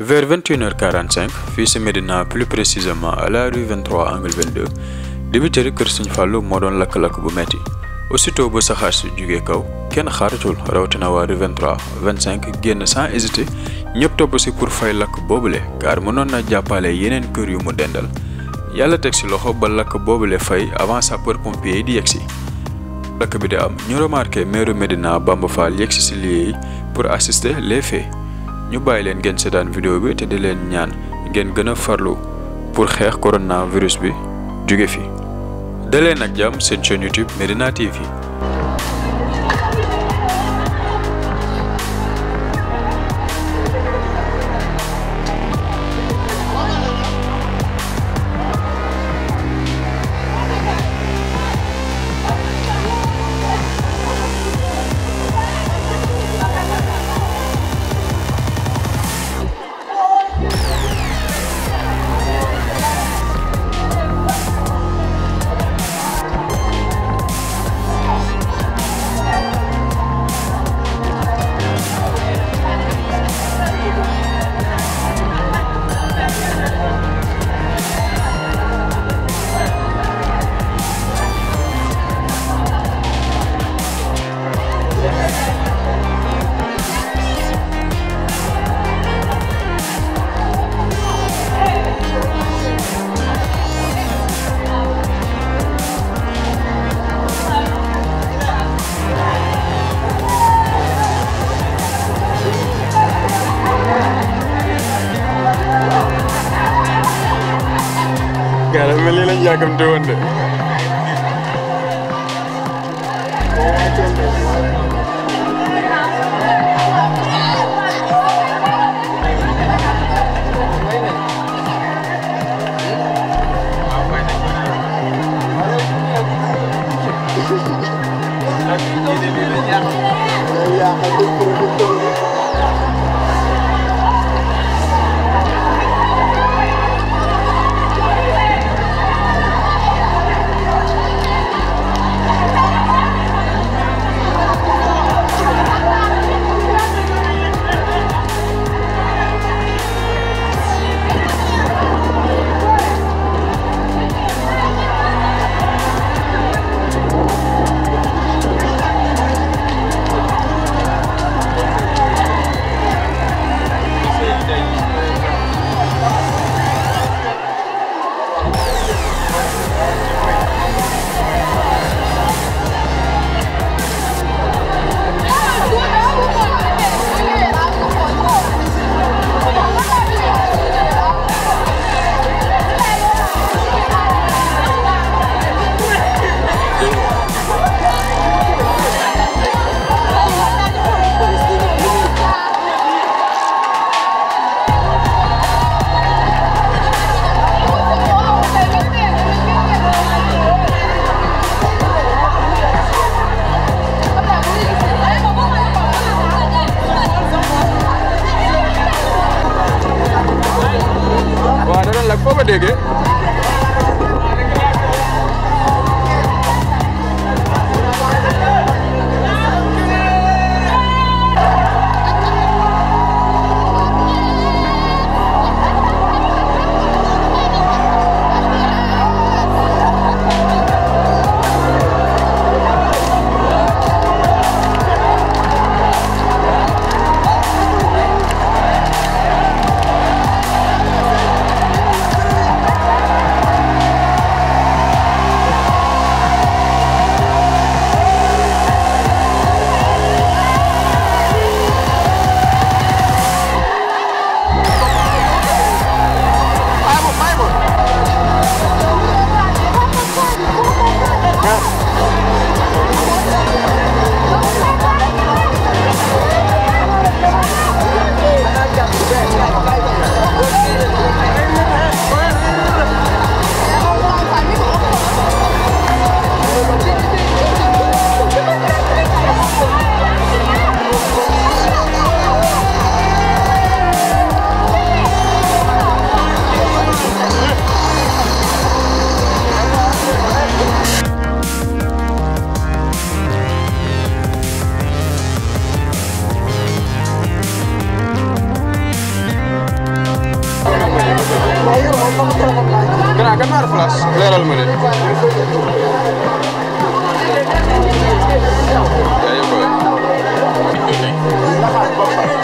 vers 21h45 fii si Médina plus précisément à la rue 23 angle 22 dibiteri kër Sëñ Fallou moo doon lakk-lakk bu metti aussitôt bu saxaar si jugee kaw kenn xaaratul rawatina waa rue vingt 25 génn sans hésiter ñëpp topp si pour fay lakk boobule car mënoon na jàppale yeneen kër yu mu dendal yàlla teg si loxo ba lakk boobule fay avant sapeur pompier di yegg si lakk bi di am ñu remarqué maire Médina Bamba Fall yegg si si yi pour assister les faits ñu bàyyi leen ngeen seetaan vidéo bi te di leen ñaan ngeen gën a farlu pour xeex coronavirus bi jóge fi leen nag jàmm seen chaîne YouTube Medina TV gaa dafa mel ni lañ yàkkamte woon de gannaaw kan maa flash leeral ma leen. yaa yëg ko